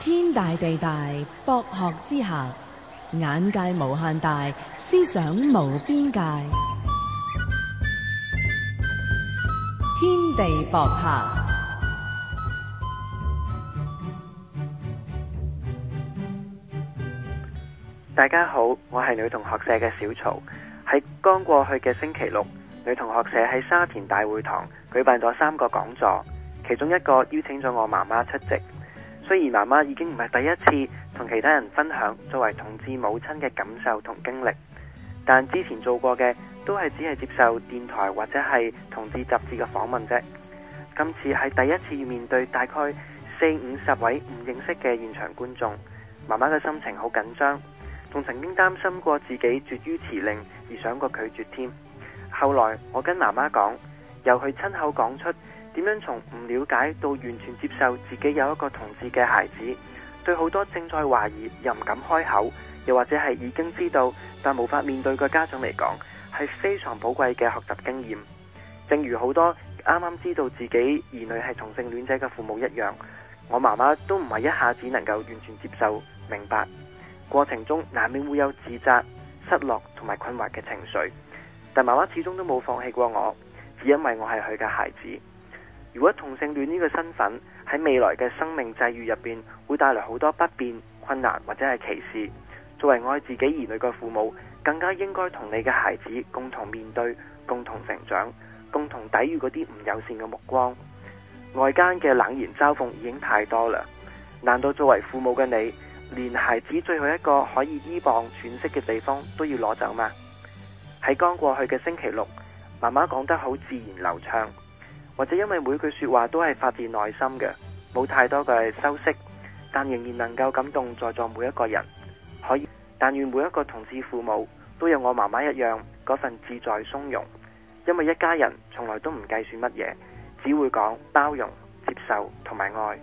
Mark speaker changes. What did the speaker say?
Speaker 1: 天大地大，博學之下，眼界無限大，思想無邊界。天地博客，大家好，我係女同學社嘅小曹。喺剛過去嘅星期六，女同學社喺沙田大會堂舉辦咗三個講座，其中一個邀請咗我媽媽出席。雖然媽媽已經唔係第一次同其他人分享作為同志母親嘅感受同經歷，但之前做過嘅都係只係接受電台或者係同志雜誌嘅訪問啫。今次係第一次面對大概四五十位唔認識嘅現場觀眾，媽媽嘅心情好緊張，仲曾經擔心過自己絕於辭令而想過拒絕添。後來我跟媽媽講，由佢親口講出。點樣從唔了解到完全接受自己有一個同志嘅孩子，對好多正在懷疑又唔敢開口，又或者係已經知道但無法面對嘅家長嚟講，係非常寶貴嘅學習經驗。正如好多啱啱知道自己兒女係同性戀者嘅父母一樣，我媽媽都唔係一下子能夠完全接受明白，過程中難免會有自責、失落同埋困惑嘅情緒。但媽媽始終都冇放棄過我，只因為我係佢嘅孩子。如果同性戀呢個身份喺未來嘅生命際遇入邊會帶來好多不便、困難或者係歧視，作為愛自己兒女嘅父母，更加應該同你嘅孩子共同面對、共同成長、共同抵禦嗰啲唔友善嘅目光。外間嘅冷言嘲諷已經太多啦，難道作為父母嘅你，連孩子最後一個可以依傍喘息嘅地方都要攞走嗎？喺剛過去嘅星期六，媽媽講得好自然流暢。或者因為每句說話都係發自內心嘅，冇太多嘅修飾，但仍然能夠感動在座每一個人。可以但願每一個同志父母都有我媽媽一樣嗰份自在松容，因為一家人從來都唔計算乜嘢，只會講包容、接受同埋愛。